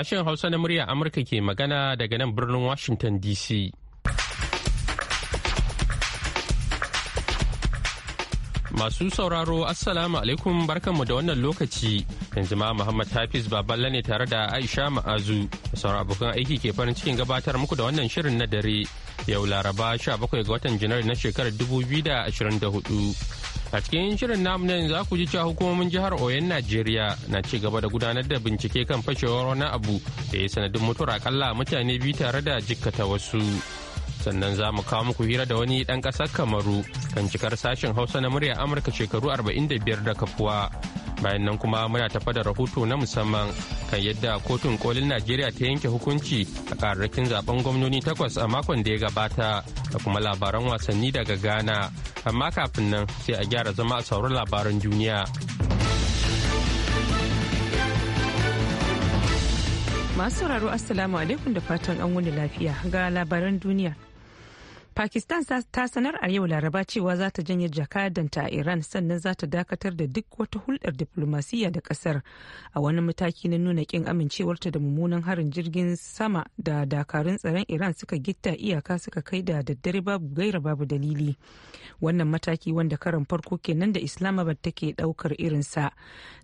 Sashen Hausa na murya Amurka ke magana daga nan birnin Washington DC. Masu sauraro Assalamu alaikum barkanmu da wannan lokaci yanzu ma Muhammad Hafiz Baballe ne tare da Aisha Ma'azu da sauran abokan aiki ke farin cikin gabatar muku da wannan shirin na dare yau Laraba 17 ga watan Janairu na shekarar 2024. A cikin shirin namu ne za ku ji cewa hukumomin jihar Oyon Najeriya na ci gaba da gudanar da bincike kan fashewar wani abu da ya sanadin mutuwar akalla mutane biyu tare da jikkata wasu. Sannan za mu kawo muku hira da wani ɗan ƙasar Kamaru kan cikar sashen Hausa na murya Amurka shekaru arba'in 45 da kafuwa. bayan nan kuma muna tafa da rahoto na musamman kan yadda kotun kolin najeriya ta yanke hukunci a kararrakin zaben gwamnoni takwas a makon da ya gabata da kuma labaran wasanni daga ghana amma kafin nan sai a gyara zama a sauran labaran duniya masu sauraro assalamu alaikum da fatan an wani lafiya ga labaran duniya pakistan ta sanar a yau laraba cewa za ta janye jakadanta a iran sannan za ta dakatar da duk wata hulɗar diflomasiyya da ƙasar a wani mataki na nuna ƙin amincewarta da mummunan harin jirgin sama da dakarun tsaron iran suka gitta iyaka suka kai da daddare babu gaira babu dalili wannan mataki wanda karan farko kenan da islamabad take ɗaukar irinsa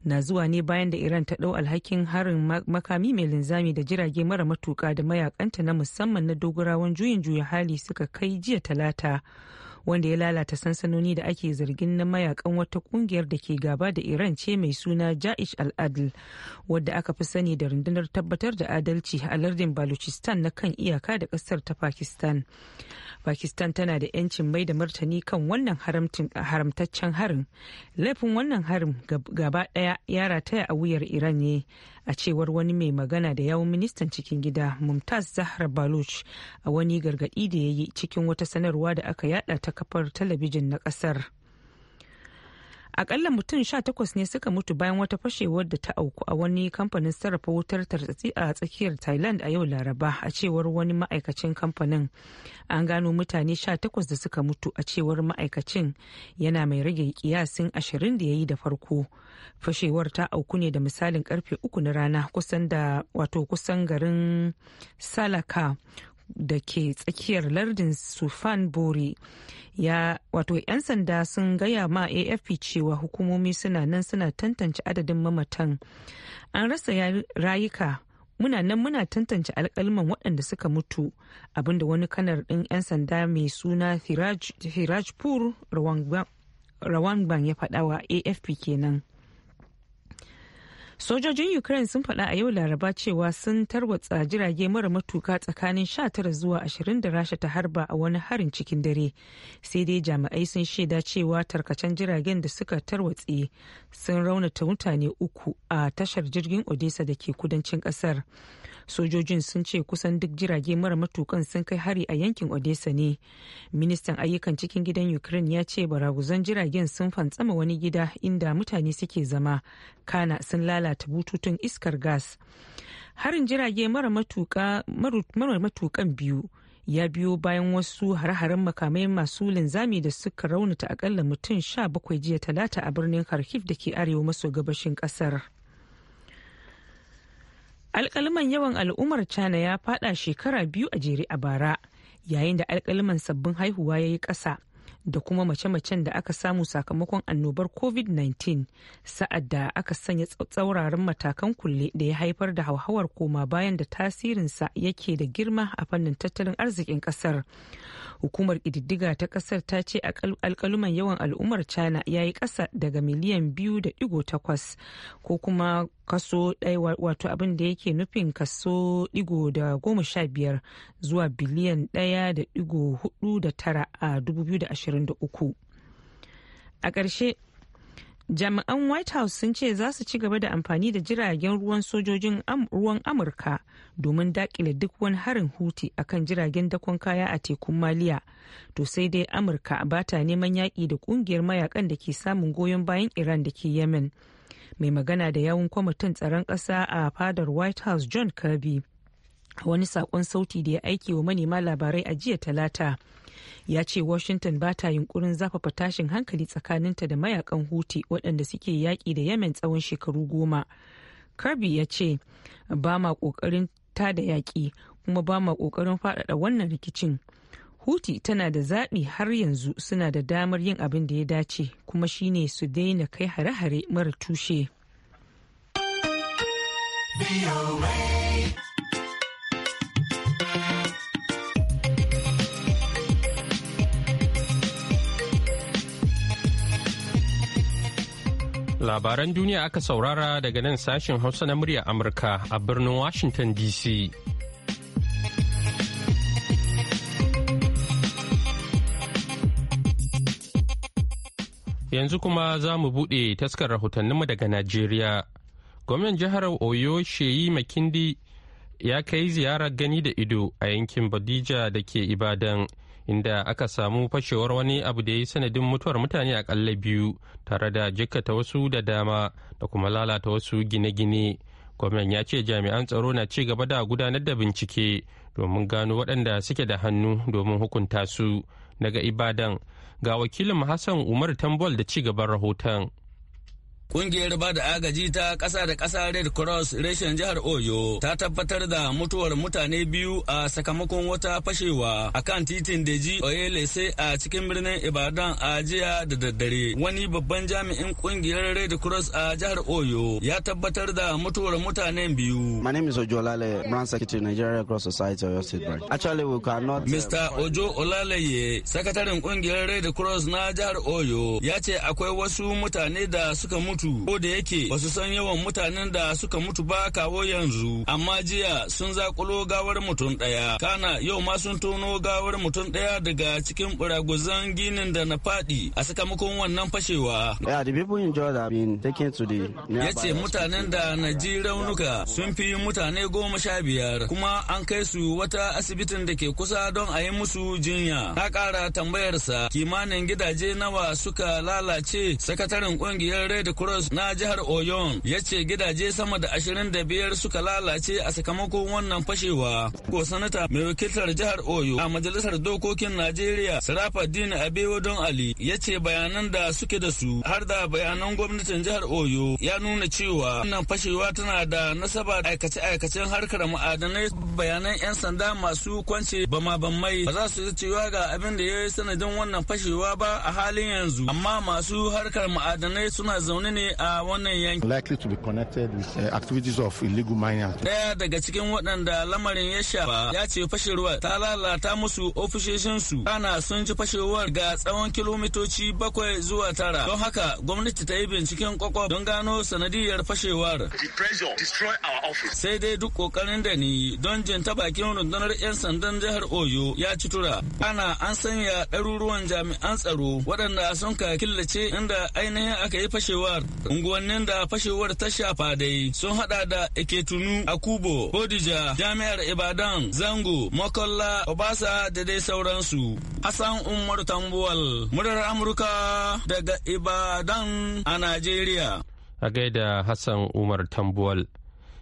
na zuwa ne bayan da iran ta ɗau alhakin harin makami mai linzami da jirage mara matuka da mayakanta na musamman na dogarawan juyin juya hali suka kai jiya talata wanda ya lalata sansanoni da ake zargin na mayakan wata kungiyar da ke gaba da iran ce mai suna ja'ish al'adl wadda aka fi sani da rundunar tabbatar da adalci a lardin baluchistan na kan iyaka da kasar ta pakistan pakistan tana da 'yancin mai da martani kan wannan haramtaccen harin laifin wannan harin gaba daya ya rataya a wuyar iran ne a cewar wani mai magana da yawun ministan cikin gida mumtaz zahra baluch a wani gargadi da ya yi cikin wata sanarwa da aka yada ta kafar talabijin na kasar akalla mutum sha takwas ne suka mutu bayan wata fashewar da ta auku a wani kamfanin sarrafa wutar tartsatsi a tsakiyar thailand a yau laraba a cewar wani ma'aikacin kamfanin an gano mutane sha takwas da suka mutu a cewar ma'aikacin yana mai rage kiyasin ashirin da ya yi da farko fashewar ta auku ne da misalin karfe uku na rana kusan da wato kusan garin salaka da ke tsakiyar lardin sufan bori ya wato 'yan sanda sun gaya ma afp cewa hukumomi suna nan suna tantance adadin mamatan an rasa rayuka muna nan muna tantance alkalman waɗanda suka mutu abinda wani kanar ɗin 'yan sanda mai suna firajpur rawangban ya faɗawa afp kenan. Sojojin Ukraine sun faɗa a yau Laraba cewa sun tarwatsa jirage mara matuka tsakanin 19 zuwa 20 da Rasha ta harba a wani harin cikin dare. Sai dai jami'ai sun shaida cewa tarkacen jiragen da suka tarwatse sun raunata mutane uku a tashar jirgin Odessa da ke kudancin ƙasar. sojojin sun ce kusan duk jirage mara matukan sun kai hari a yankin odessa ne ministan ayyukan cikin gidan ukraine ya ce baraguzan jiragen sun fantsama wani gida inda mutane suke zama kana sun lalata bututun iskar gas harin jirage mara matukan biyu ya biyo bayan wasu hare-haren makamai masu linzami da suka raunata akalla mutum 17 jiya talata a birnin kharkiv da ke arewa maso gabashin kasar. alkaliman yawan al'ummar china ya fada shekara biyu a jere a bara yayin da alkaliman sabbin haihuwa ya yi ƙasa da kuma mace-macen da aka samu sakamakon annobar covid-19 sa'ad da aka sanya tsauraran matakan kulle da ya haifar da hauhawar koma bayan da tasirinsa yake da girma a fannin tattalin arzikin kasar hukumar ƙididdiga ta kasar ta ce alkaluman yawan al'ummar china ya yi ƙasa daga miliyan biyu da digo takwas ko kuma kaso ɗaya wato abin da yake nufin kaso digo da goma sha biyar zuwa biliyan ɗaya da digo hudu da tara a 2020 2023 a ƙarshe jami'an white house sun ce za su ci gaba da amfani da jiragen ruwan sojojin ruwan amurka domin daƙile duk wani harin huti a kan jiragen dakon kaya a tekun maliya to sai dai amurka ba ta neman yaƙi da ƙungiyar mayakan da ke samun goyon bayan iran da ke yemen mai magana da yawun kwamitin tsaron ƙasa a fadar white house john kirby wani saƙon sauti da ya aiki wa manema labarai a jiya talata ya ce washington ba ta yunkurin zafafa tashin hankali tsakaninta da mayakan huti waɗanda suke yaƙi da yemen tsawon shekaru goma kirby ya ce ba ma ƙoƙarin ta da yaƙi kuma ba ma ƙoƙarin faɗaɗa wannan rikicin huti tana da zaɓi har yanzu suna da damar yin abin da ya dace kuma shine su daina kai hare-hare mara tushe. Labaran duniya aka saurara daga nan sashen Hausa na murya Amurka a birnin Washington DC. Yanzu kuma za mu buɗe taskar rahotanninmu daga Najeriya. Gwamnan jihar Oyo Sheyi Makindi ya kai ziyarar gani da ido a yankin Badija da ke Ibadan. inda aka samu fashewar wani abu da ya yi sanadin mutuwar mutane a akalla biyu tare da jikkata wasu da dama da kuma lalata wasu gine-gine gwamnan ya ce jami'an tsaro na ci gaba da gudanar da bincike domin gano waɗanda suke da hannu domin hukunta su daga ibadan ga wakilin hassan umar tambol da ci gaban rahoton Kungiyar ba da agaji ta ƙasa da ƙasa Red Cross reshen jihar Oyo ta tabbatar da mutuwar mutane biyu a sakamakon wata fashewa a kan titin Deji Oyelese a cikin birnin Ibadan a jiya da daddare. Wani babban jami'in kungiyar Red Cross a jihar Oyo ya tabbatar da mutuwar mutanen biyu. My name is Ojo Olale, Brand Secretary, Nigeria Cross Society, Oyo State Actually, we cannot... Uh, Mr. Ojo Olaleye, sakataren kungiyar Red Cross na jihar Oyo, ya ce akwai wasu mutane da suka mutu mutu ko da yake ba su san yawan mutanen da suka mutu ba kawo yanzu amma jiya sun zakulo gawar mutum daya. kana yau ma sun tono gawar mutum daya daga cikin buraguzan ginin da na fadi a sakamakon wannan fashewa. Ya ce mutanen da na ji raunuka sun fi mutane goma sha biyar kuma an kai su wata asibitin da ke kusa don a yi musu jinya. Na kara tambayarsa kimanin gidaje nawa suka lalace sakataren ƙungiyar Red Cross cross na jihar oyon ya ce gidaje sama da ashirin da biyar suka lalace a sakamakon wannan fashewa ko sanata mai wakiltar jihar oyo a majalisar dokokin najeriya sirafaddin abewodon ali ya ce bayanan da suke da su har da bayanan gwamnatin jihar oyo ya nuna cewa wannan fashewa tana da nasaba aikace-aikacen harkar ma'adanai bayanan 'yan sanda masu kwance bama mai. ba za su yi cewa ga abin da ya yi sanadin wannan fashewa ba a halin yanzu amma masu harkar ma'adanai suna zaune ne a wannan yankin. Likely to be connected with uh, activities of illegal mining. Daya daga cikin waɗanda lamarin ya shafa ya ce fashewar ta lalata musu su ana sun ji fashewar ga tsawon kilomitoci bakwai zuwa tara. Don haka gwamnati ta yi binciken kwakwa don gano sanadiyar fashewar. Sai dai duk kokarin da ni don jin ta bakin rundunar 'yan sandan jihar Oyo ya ci tura. Ana an sanya ɗaruruwan jami'an tsaro waɗanda sun ka killace inda ainihin aka yi fashewar Unguwannin da fashewar ta shafa dai sun hada da Eketunu, Akubo, Bodija, Jami'ar Ibadan, Zango, Makolla, Obasa da dai sauransu. Hassan Umar Tambuwal, murar Amurka daga Ibadan a Najeriya. A gaida Hassan Umar Tambuwal.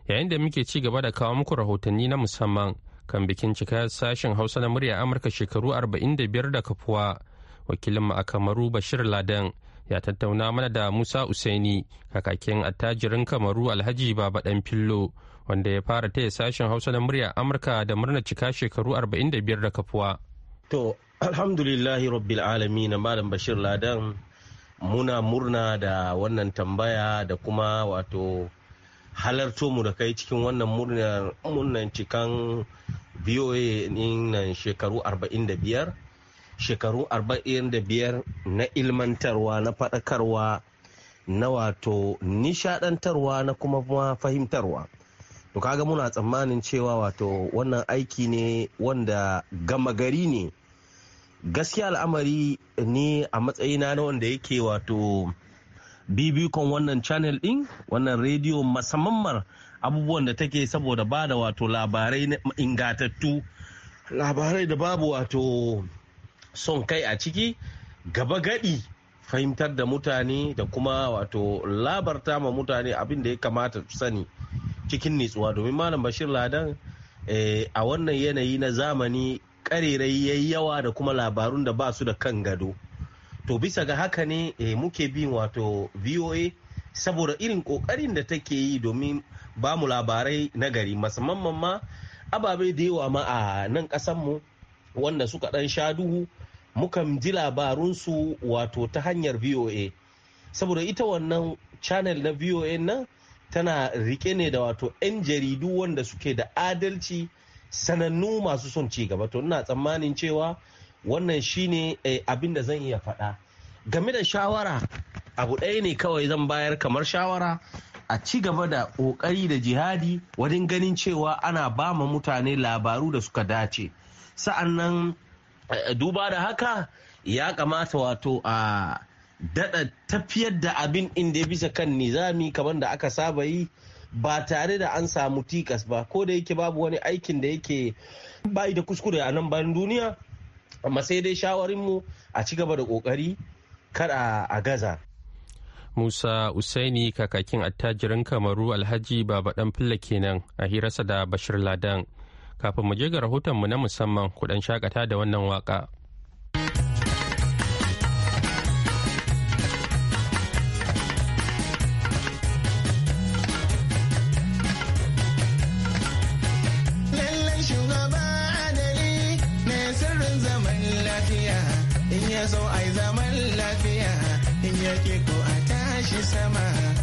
Yayin da muke ci gaba da kawo muku rahotanni na musamman kan bikin cika sashen Hausa na murya Amurka shekaru 45 da kafuwa. Wakilinmu a Kamaru Bashir Ladan ya tattauna mana da Musa Usaini kakakin attajirin Kamaru Alhaji Baba Dan Fillo wanda ya fara taya sashen Hausa na murya Amurka da murna cika shekaru 45 da kafuwa. To, alhamdulillahi rabbil alamin Malam Bashir Ladan muna murna da wannan tambaya da kuma wato halarto mu da kai cikin wannan murnan cikan BOA nan shekaru 45 shekaru 45 na ilmantarwa na faɗakarwa na wato nishadantarwa na kuma fahimtarwa to kaga muna tsammanin cewa wato wannan aiki ne wanda gama gari ne gaskiya al'amari ne a matsayina na wanda yake wato bibikon wannan channel din wannan rediyo musamman abubuwan da take saboda bada wato labarai ingatattu labarai da babu wato son kai a ciki gaba gadi fahimtar da mutane da kuma wato labarta ma mutane abin da ya kamata su sani cikin nitsuwa domin malam bashir ladan eh, a wannan yanayi na zamani karerai ya yawa da kuma labarun da ba su da kan gado to bisa ga haka ne eh, muke bin wato voa saboda irin kokarin da take yi domin ba mu labarai na gari musamman ma ababe da yawa ma a nan kasanmu wanda suka ɗan sha duhu mukan ji labarun su wato ta hanyar voa saboda ita wannan channel na voa nan tana rike ne da wato 'yan jaridu wanda suke da adalci sanannu masu son ci gaba to ina tsammanin cewa wannan shine eh, abin da zan iya faɗa game da shawara abu ɗaya ne kawai zan bayar kamar shawara a ci gaba da ƙoƙari da jihadi wajen ganin cewa ana ba mutane labaru da suka dace sa'annan Eh, duba da haka ya kamata wato a daɗa tafiyar da abin inda bisa kan nizami kamar da aka saba yi ba tare da an samu tikas ba ko da yake babu wani aikin da yake bayi da kuskure a nan bayan duniya amma sai dai shawarinmu a ci gaba da kokari kada a gaza musa usaini kakakin attajirin kamaru alhaji baba dan filla kenan a hirarsa da bashir ladan kafin mu je ga rahotonmu na musamman kudan shakata da wannan waƙa. Lallai shugaba waka. so ai zaman lafiya in yake ko a tashi sama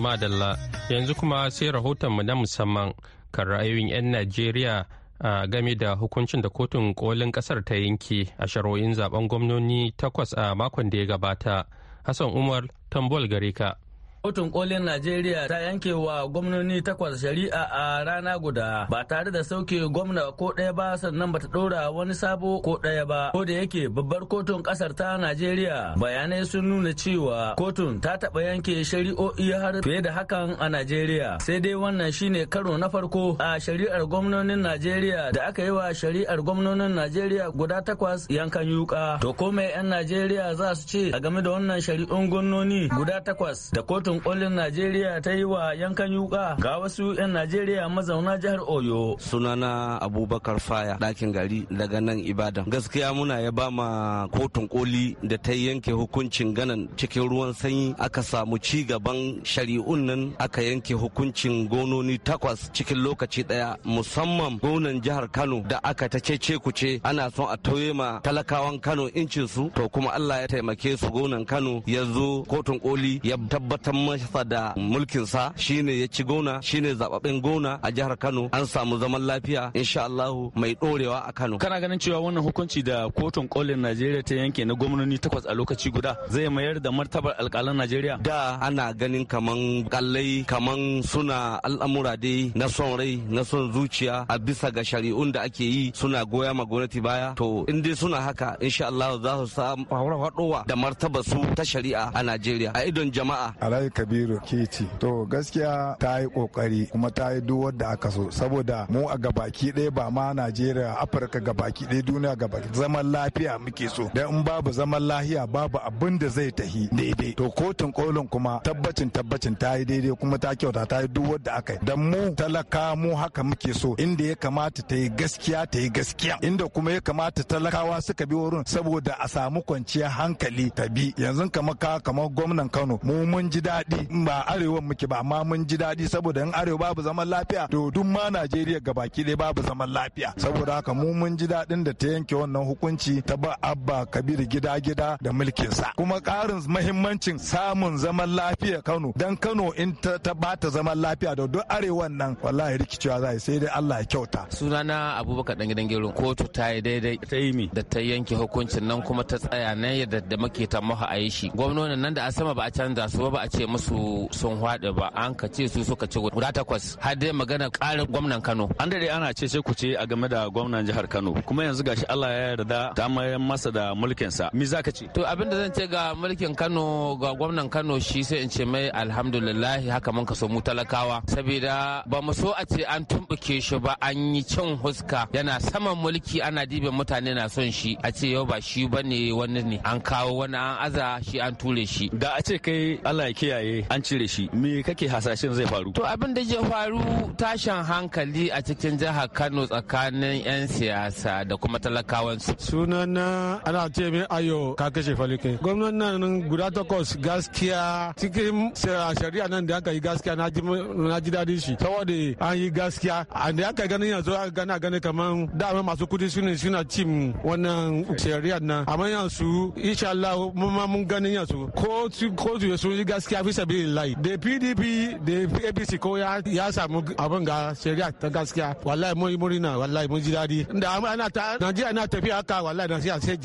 madalla yanzu kuma sai rahotonmu na musamman kan ra'ayoyin 'yan najeriya a game da hukuncin da kotun kolin kasar ta yanke a sharo'in zaben gwamnoni takwas a makon da ya gabata hassan umar tambol gare ka Kotun kolin Najeriya ta yanke wa gwamnoni takwas shari'a a rana guda ba tare da sauke gwamna ko ɗaya ba sannan bata ɗora wani sabo ko ɗaya ba. Ko da yake babbar kotun ƙasar ta Najeriya bayanai sun nuna cewa kotun ta taɓa yanke shari'o'i har fiye da hakan a Najeriya. Sai dai wannan shine karo na farko a shari'ar gwamnonin Najeriya da aka yi wa shari'ar gwamnonin Najeriya guda takwas yankan yuka. To ko 'yan Najeriya za su ce a game da wannan shari'un gwamnoni guda takwas da kotun kotun kolin najeriya ta yi wa yankan yuka ga wasu 'yan najeriya mazauna jihar oyo sunana abubakar faya dakin gari daga nan ibada. gaskiya muna ya ba ma kotun koli da ta yanke hukuncin ganan cikin ruwan sanyi aka samu ci gaban shari'un nan aka yanke hukuncin gononi takwas cikin lokaci ɗaya musamman gonan jihar kano da aka ta cece kuce ana son a tauye ma talakawan kano incinsu to kuma allah ya taimake su gonan kano ya zo kotun koli ya tabbatar masa da mulkinsa shine ya ci gona shine zababben gona a jihar Kano an samu zaman lafiya insha Allah mai dorewa a Kano. Kana ganin cewa wannan hukunci da kotun kolin Najeriya ta yanke na gwamnoni takwas a lokaci guda zai mayar da martabar alkalan Najeriya? Da ana ganin kaman kallai kaman suna al'amura dai na son rai na son zuciya a bisa ga shari'un da ake yi suna goya ma gwamnati baya to in dai suna haka insha Allah za su samu da martabar su ta shari'a a Najeriya a idon jama'a. kabiru keci to gaskiya ta yi kokari kuma ta yi duk wadda aka so saboda mu a gabaki ɗaya ba ma najeriya afirka gabaki ɗaya duniya gabaki zaman lafiya muke so dan in babu zaman lafiya babu abin da zai tahi daidai to kotun kolin kuma tabbacin tabbacin ta yi daidai kuma ta kyauta ta yi duk wadda aka yi dan mu talaka mu haka muke so inda ya kamata ta yi gaskiya ta yi gaskiya inda kuma ya kamata talakawa suka bi wurin saboda a samu kwanciyar hankali ta bi yanzu kamar ka kamar gwamnan kano mu mun ji daɗi daɗi ba arewan muke ba amma mun ji daɗi saboda in arewa babu zaman lafiya to duk ma Najeriya gabaki ɗaya babu zaman lafiya saboda haka mu mun ji daɗin da ta yanke wannan hukunci ta ba abba kabir gida gida da mulkin sa kuma ƙarin mahimmancin samun zaman lafiya Kano dan Kano in ta bata zaman lafiya da duk arewan nan wallahi rikicewa za sai dai Allah ya kyauta sunana Abubakar dan gidan gero kotu ta yi daidai ta yi mi da ta yanke hukuncin nan kuma ta tsaya nan yadda da muke ta maha a yi shi gwamnonin nan da a sama ba a canza su ba ba a ce musu sun haɗe ba an ka ce su suka ce guda takwas har dai magana ƙarin gwamnan Kano. An daɗe ana ce ce ku ce a game da gwamnan jihar Kano kuma yanzu gashi Allah ya yarda ta mayan masa da mulkin sa. mi ka ce? To abinda zan ce ga mulkin Kano ga gwamnan Kano shi sai in ce mai alhamdulillah haka mun kaso mu talakawa saboda ba mu so a ce an tumbuke shi ba an yi cin huska yana saman mulki ana dibe mutane na son shi a ce yau ba shi bane wani ne an kawo wani an aza shi an ture shi. Da a ce kai Allah ya kiyaye iyaye an cire shi me kake hasashen zai faru to abin da ke faru tashin hankali a cikin jihar Kano tsakanin 'yan siyasa da kuma talakawan su sunana ana ce min ayo ka kashe falike gwamnatin guda takwas gaskiya cikin shari'a nan da aka yi gaskiya na ji daɗin shi saboda an yi gaskiya da aka gani yanzu aka gana gani kamar dama masu kudi su ne suna cin wannan shari'a nan amma yanzu insha Allah mun ma mun gani yanzu ko su ko su yi gaskiya fi sabi sabilillahi da pdp da apc ko ya samu abin ga shari'a ta gaskiya wallahi mun na wallahi mun ji dadi inda ana ta najeriya na tafiya haka wallahi na sai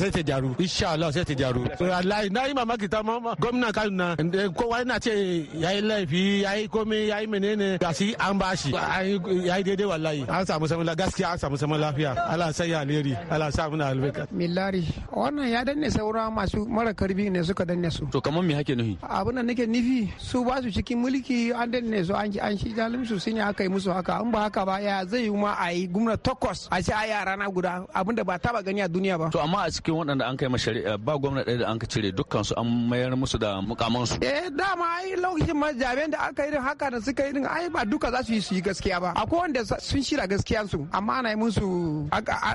sai ta jaru insha Allah sai ta jaru wallahi na yi mamaki ta mama gwamna kanu na kowa yana ce yayi laifi yayi komai yayi menene ga shi an bashi yayi daidai wallahi an samu samun gaskiya an samu samun lafiya Allah sai ya alheri Allah sa muna albarka millari wannan ya danne saura masu mara karbi ne suka danne su to kamar me hake nuhi abin abin da nake nufi su ba su cikin mulki an ne su an an shi jalimsu sun yi aka yi musu haka an ba haka ba ya zai yi ma a yi gumna takwas a ce a yara na guda abin da ba taba gani a duniya ba to amma a cikin waɗanda an kai ma shari'a ba gwamna ɗaya da an ka cire dukkan su an mayar musu da mukaman su eh dama ai lokacin ma jami'an da aka yi irin haka da suka yi irin ai ba duka za su yi su yi gaskiya ba akwai wanda sun shira gaskiya su amma ana yi musu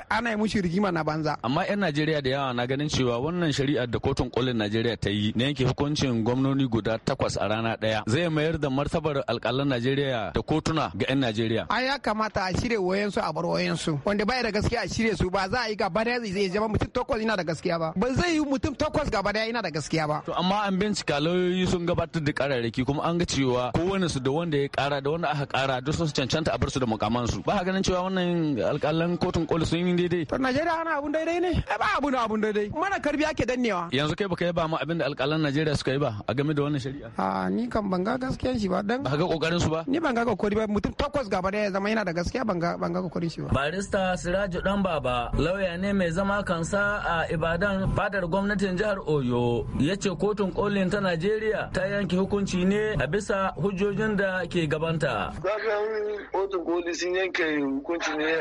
ana yi musu rigima na banza amma yan Najeriya da yawa na ganin cewa wannan shari'a da kotun kolin Najeriya ta yi na yanke hukuncin gwamnoni guda takwas a rana ɗaya zai mayar da martabar alƙalan Najeriya da kotuna ga 'yan Najeriya. Ai ya kamata a shirya wayansu a bar wayansu wanda baya da gaskiya a shirya su ba za a yi gaba daya zai zama mutum takwas ina da gaskiya ba ba zai yi mutum takwas gaba daya ina da gaskiya ba. To amma an bincika lauyoyi sun gabatar da kararraki kuma an ga cewa kowane su da wanda ya kara da wanda aka kara duk sun cancanta a bar su da mukaman su ba ganin cewa wannan alƙalan kotun koli sun yi daidai. To Najeriya ana abun daidai ne ba abun abun daidai mana karbi ake dannewa. Yanzu kai baka yaba mu abin da alƙalan Najeriya suka yi ba a game da da wannan shari'a a ni kan ban ga gaskiyan shi ba dan ba ga kokarin su ba ni ban ga kokari ba mutum takwas gaba da ya zama yana da gaskiya ban ga ban ga kokarin shi ba barista Siraju dan baba lawyer ne mai zama kansa a Ibadan fadar gwamnatin jihar Oyo yace kotun kolin ta Najeriya ta yanke hukunci ne a bisa hujjojin da ke gabanta kakan kotun koli sun yanke hukunci ne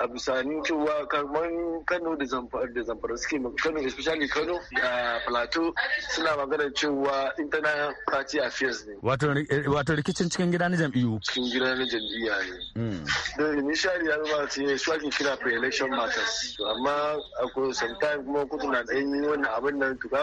a bisa cewa kamar Kano da Zamfara da Zamfara suke Kano especially Kano da Plateau suna magana cewa in internal a fiyas ne eh, wato rikicin cikin gida na jam'iyyu cikin gida na jam'iyya ne hmm. don initially ya zama su yi ake kira for election matters amma kuma santa kuma kudu na ɗayan yi wannan abin nan tuka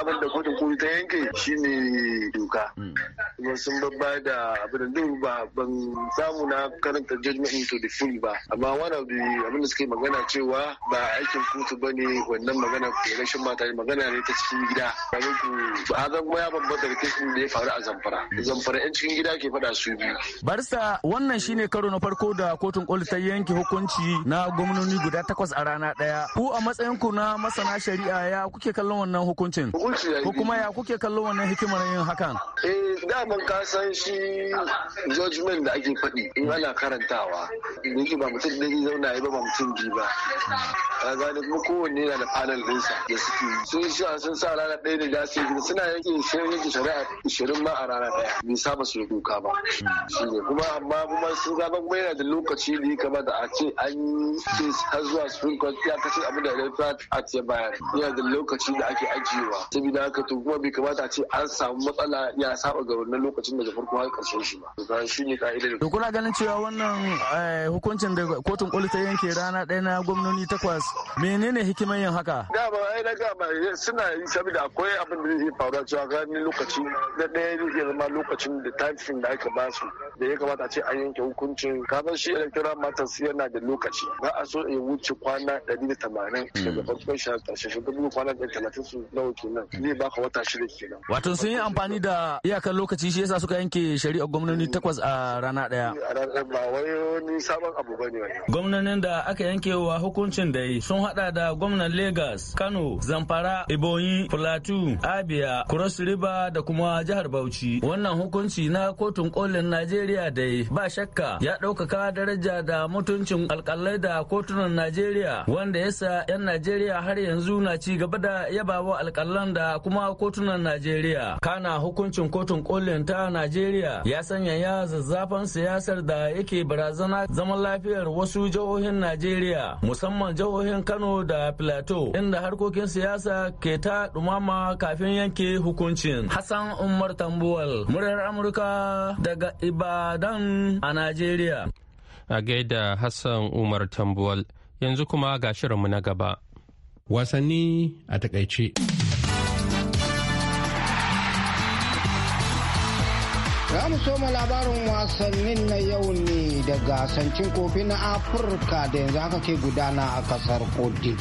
abin da kudu kudu ta yanke ne doka hmm. kuma sun babba da abin da ba ban samu na karanta judgment into the full ba amma one of the abin da suke magana cewa ba aikin kotu ba ne wannan magana rashin mata ne magana ne ta cikin gida kamar ku ba zan kuma ya bambanta da kesin da ya faru a zamfara zamfara yan cikin gida ke faɗa su biyu. barsa wannan shine karo na farko da kotun koli ta yanke hukunci na gwamnoni guda takwas a rana ɗaya ku a matsayin ku na masana shari'a ya kuke kallon wannan hukuncin ko kuma ya kuke kallon wannan hikimar yin hakan. eh da kuma ka san shi judgment da ake faɗi in ana karantawa in ba mutum da ya zauna ya ba ba mutum ji ba ka gane kuma kowanne yana da panel ɗinsa da suke sun a sun sa rana ɗaya da dace suna yake shirin yake shari'a ishirin ma a rana ɗaya bai saba su kuka ba shi ne kuma amma kuma sun ga kuma yana da lokaci da ya kamata a ce an ce har zuwa supreme court ya kashe abin da ya a ce bayan yana da lokaci da ake ajiyewa Sabida haka to kuma bai kamata a ce an samu matsala ya saba ga wannan wannan lokacin daga farko har karshen shi ba ga shi ne ka'idar da kuna ganin cewa wannan eh, hukuncin da kotun koli ta yanke rana ɗaya na gwamnoni takwas menene hikimar yin haka ga ba ai na ga ba suna yi saboda akwai abin da zai faru cewa ganin lokaci na ɗaya zai zama lokacin da timeframe da aka ba su da ya kamata a ce an yanke hukuncin kamar shi electoral matters yana da lokaci ba a so ya wuce kwana 180 hmm. daga farkon shi har ƙarshen shi kwana su nawa kenan zai baka wata shida kenan wato sun yi amfani da iyakar lokaci shi shi yasa suka yanke shari'a gwamnoni takwas a rana daya gwamnanin da aka yanke wa hukuncin da yi sun hada da gwamnan Legas, Kano, Zamfara, Ebonyi, Plateau, Abia, Cross River da kuma jihar Bauchi. Wannan hukunci na kotun kolin Najeriya yi ba shakka ya ɗaukaka daraja da mutuncin alkalai da kotunan Najeriya wanda yasa 'yan Najeriya har yanzu na ci gaba da yabawa alkalan da kuma kotunan Najeriya. Kana hukuncin kotun kolin ta Najeriya ya sanya ya zazzafan siyasar da yake barazana zaman lafiyar wasu jihohin Najeriya musamman jihohin Kano da Plateau inda harkokin siyasa ke ta dumama kafin yanke hukuncin. Hassan Umar Tambuwal, murar Amurka daga Ibadan a Najeriya. A gaida Hassan Umar Tambuwal, yanzu kuma ga shirinmu na gaba. Wasanni a takaice. mu soma labarin wasannin na yau ne da gasancin kofi na Afirka da yanzu haka ke gudana a kasar Cote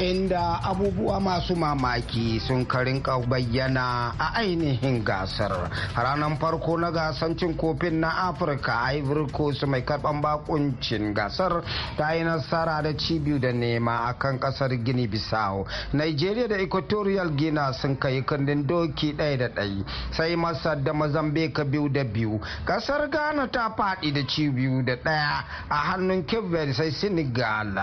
Inda abubuwa masu mamaki sun karin bayyana a ainihin gasar. Ranar farko na gasancin kofin na Afirka Ivory Coast mai karban bakuncin gasar ta yi nasara da cibiyu da nema a kan kasar Gini bisau Nigeria da Equatorial Guinea sun kai kundin doki ɗaya da daya sai Masar da Mozambique biyu da biyu kasar ghana ta faɗi da ci biyu da ɗaya a hannun cape sai senegal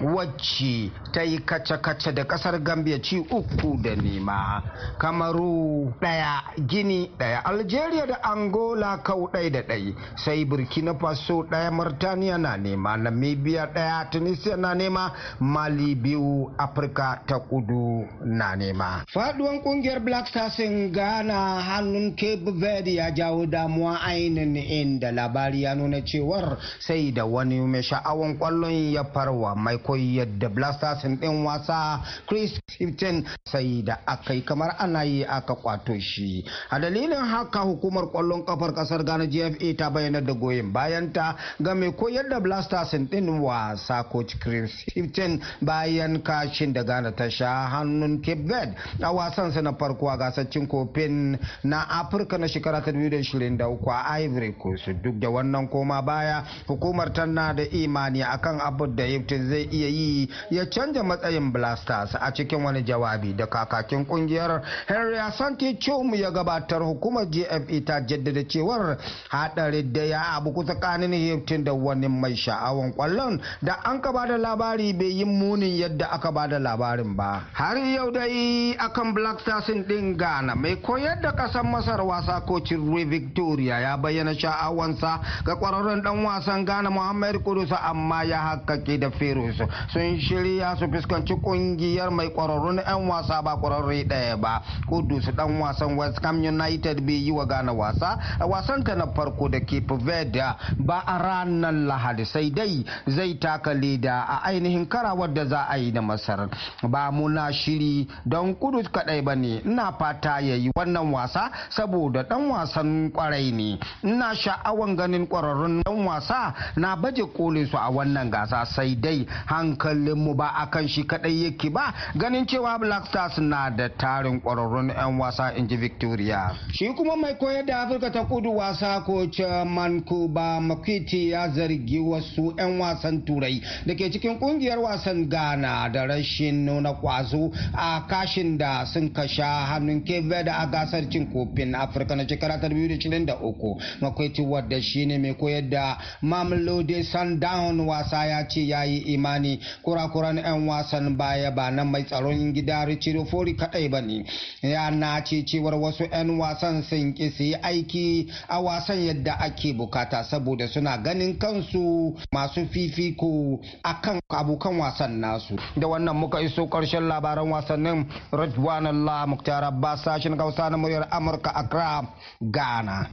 wacce ta yi kace-kace da kasar gambia ci uku da nema kamaru ɗaya gini ɗaya algeria da angola kau ɗai da ɗai sai burkina faso ɗaya martaniya na nema namibia ɗaya tunisia na nema mali biyu afirka ta kudu na nema faduwan kungiyar black stars ghana hannun cape verde ya jawo damuwa ainihin da labari ya nuna cewar sai da wani mai sha'awan kwallon ya farwa mai koyar da blasters din wasa chris hipton sai da aka yi kamar ana yi aka kwato shi a dalilin haka hukumar kwallon kafar kasar ghana gfa ta bayyana da goyon bayanta ga mai koyar da blasters din wasa coach chris hipton bayan kashin da ghana ta sha hannun cape verde a wasansa na farko a gasar cin kofin na afirka na shekara ta 23 a ivory coast duk da wannan koma baya hukumar tana da imani akan abin da yiftin zai iya yi ya canja matsayin blasters a cikin wani jawabi da kakakin kungiyar henry asante chum ya gabatar hukumar gfe ta jaddada cewar hadari da ya abu tsakanin yiftin da wani mai sha'awan kwallon da an ka bada labari bai yi munin yadda aka bada labarin ba har yau dai akan black stars din ghana mai koyar da kasan masar wasa kocin rivik victoria ya bayyana sha'awansa ga kwararren dan wasan ghana muhammad kudus amma ya hakkake da ferus sun shirya su fuskanci kungiyar mai kwararrun 'yan wasa ba kwararre ɗaya ba kudus dan wasan west ham united bai yi wa ghana wasa a wasan ta na farko da cape verde ba a ranar lahadi sai dai zai taka leda a ainihin karawar da za a yi da masar ba muna shiri don kudus kadai ba ne ina fata ya yi wannan wasa saboda dan wasan kwarai ne ina sha'awan ganin kwararrun yan wasa na baje kolin su a wannan gasa sai dai hankalinmu mu ba akan shi kadai yake ba ganin cewa black stars na da tarin kwararrun yan wasa in ji victoria shi kuma mai koyar da afirka ta kudu wasa ko mankuba makwiti ya zargi wasu 'yan wasan turai da ke cikin kungiyar wasan ghana da rashin nuna kwazo a kashin da sun kasha hannun kebe da a gasar cin kofin afirka na shekara ta 2019 23 makwaiti wadda shine mai koyar da mamlode sundown wasa ya ce ya yi imani kurakuran 'yan wasan baya ba na mai tsaron gida richard fori kadai ba ne ya na ce cewar wasu 'yan wasan sun ki su yi aiki a wasan yadda ake bukata saboda suna ganin kansu masu fifiko a kan abokan wasan nasu da wannan muka iso karshen labaran wasannin rajwan allah muktar abbas sashen gausa na muryar amurka accra ghana rana.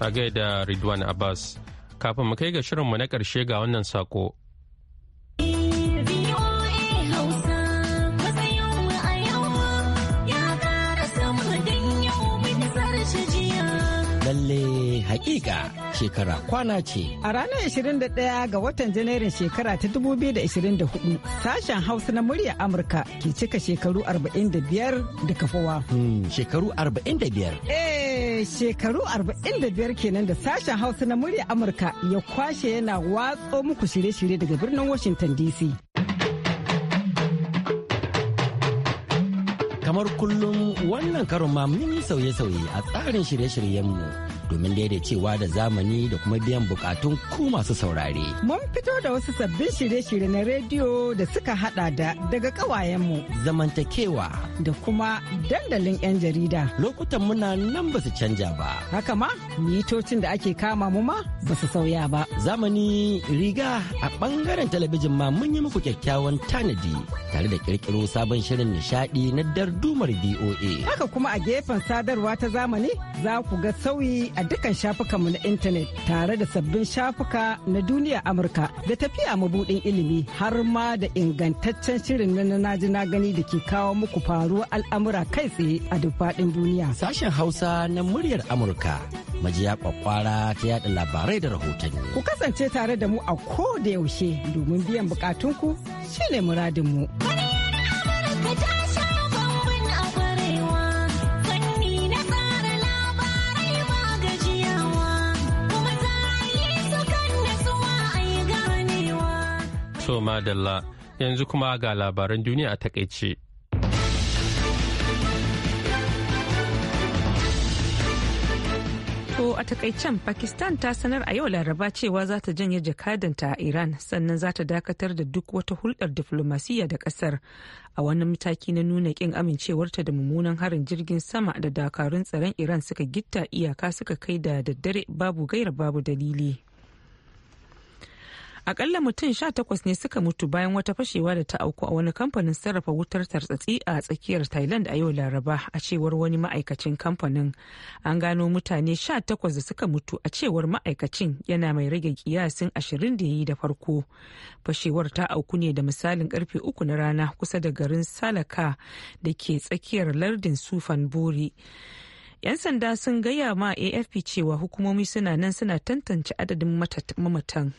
A gaida Ridwan Abbas, kafin mu kai ga shirinmu na ƙarshe ga wannan saƙo. Lalle haƙiƙa. shekara kwana ce. A ranar 21 ga watan Janairun shekara ta 2024 sashen Hausa na murya Amurka ke cika shekaru 45 da kafawa. Hmm, shekaru 45? Eh shekaru 45 kenan da sashen Hausa na murya Amurka ya kwashe yana watso muku shirye-shirye daga birnin Washington DC. Kamar kullum wannan karon ma mun yi sauye-sauye a tsarin shirye-shiryenmu. domin daidaicewa da zamani da kuma biyan bukatun ku masu saurare. Mun fito da wasu sabbin shirye-shirye na rediyo da suka hada da daga kawayenmu. Zamantakewa. Da kuma dandalin 'yan jarida. Lokutan muna nan ba su canja ba. Haka ma, mitocin da ake kama mu ma ba su sauya ba. Zamani riga a bangaren talabijin ma mun yi muku kyakkyawan tanadi tare da kirkiro sabon shirin nishadi na dardumar BOA. Haka kuma a gefen sadarwa ta zamani za ku ga sauyi a dukkan shafukanmu na intanet tare da sabbin shafuka na duniya Amurka da tafiya mabudin ilimi har ma da ingantaccen shirin na naji na gani da ke kawo muku faruwa al'amura kai tsaye a duk faɗin duniya. Sashen Hausa na muryar Amurka majiya kwakwara ta yada labarai da rahotanni. Ku kasance tare da mu a ko da yaushe domin biyan bukatunku shine muradinmu. mu. To madalla yanzu kuma ga labaran duniya a takaice. To a takaicen Pakistan ta sanar a yau laraba cewa za ta janye jakadanta a Iran sannan za ta dakatar da duk wata hulɗar diflomasiyya da ƙasar a wani mataki na nuna ƙin amincewarta da mummunan harin jirgin sama da dakarun tsaron Iran suka gitta iyaka suka kai da daddare babu gaira babu dalili. akalla mutum sha takwas ne suka mutu bayan wata fashewa da ta auku a wani kamfanin sarrafa wutar tartsatsi a tsakiyar thailand a yau laraba a cewar wani ma'aikacin kamfanin an gano mutane sha takwas da suka mutu a cewar ma'aikacin yana mai rage kiyasin ashirin da ya yi da farko fashewar ta auku ne da misalin karfe uku na rana kusa da garin salaka da ke tsakiyar lardin sufan buri 'yan sanda sun gaya ma afp cewa hukumomi suna nan suna tantance adadin mamatan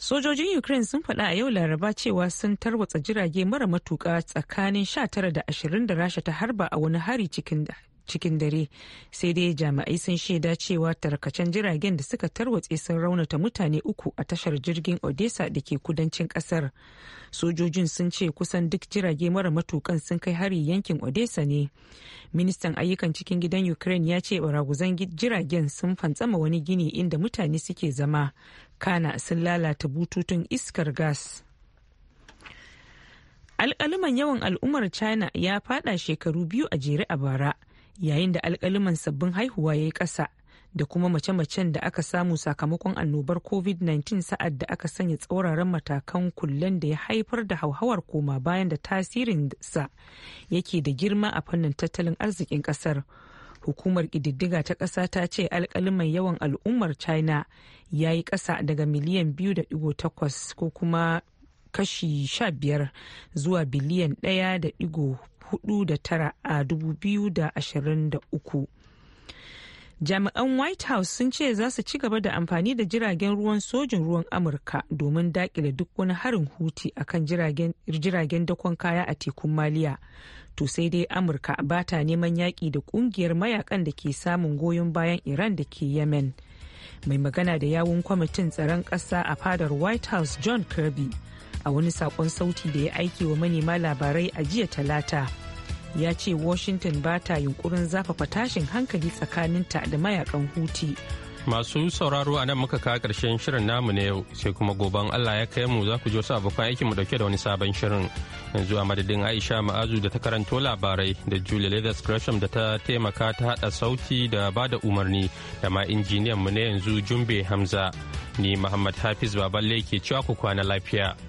Sojojin Ukraine sun faɗa a yau Laraba cewa sun tarwatsa jirage mara matuƙa tsakanin 19 da 20 da Rasha ta harba a wani hari cikin cikin dare sai dai jami'ai sun shaida cewa tarkacen jiragen da suka tarwatse sun raunata mutane uku a tashar jirgin odessa da ke kudancin kasar sojojin sun ce kusan duk jirage mara matukan sun kai hari yankin odessa ne ministan ayyukan cikin gidan ukraine ya ce baraguzan jiragen sun fantsama wani gini inda mutane suke zama kana sun lalata bututun iskar gas alkaliman yawan al'ummar china ya fada shekaru biyu a jere a bara yayin da alkaliman sabbin haihuwa ya yi ƙasa da kuma mace-macen da aka samu sakamakon annobar covid-19 sa'ad da aka sanya tsauraran matakan kullen da ya haifar da hauhawar koma bayan da tasirin sa yake da girma a fannin tattalin arzikin kasar hukumar ƙididdiga ta ƙasa ta ce alkaliman yawan al'ummar china ya yi ƙasa daga miliyan 2.8 ko kuma kashi 15 zuwa biliyan 1.5 409 a 2023 jami'an white house sun ce za su ci gaba da amfani da jiragen ruwan sojin ruwan amurka domin dakile duk wani harin huti akan jiragen dakon kaya a tekun maliya to sai dai amurka ba ta neman yaƙi da ƙungiyar mayakan da ke samun goyon bayan iran da ke yemen mai magana da yawun kwamitin tsaron ƙasa a fadar white house john kirby a wani sakon sauti da ya aiki wa manema labarai a jiya talata ya ce washington ba ta yunkurin zafafa tashin hankali tsakaninta da mayakan huti masu sauraro a nan muka kawo karshen shirin namu na yau sai kuma goban allah ya kai mu za ku ji wasu abokan aikin mu dauke da wani sabon shirin yanzu a madadin aisha ma'azu da ta karanto labarai da julia leathers gresham da ta taimaka ta hada sauti da ba da umarni da ma injiniyan mu na yanzu jumbe hamza ni muhammad hafiz baballe ke cewa ku kwana lafiya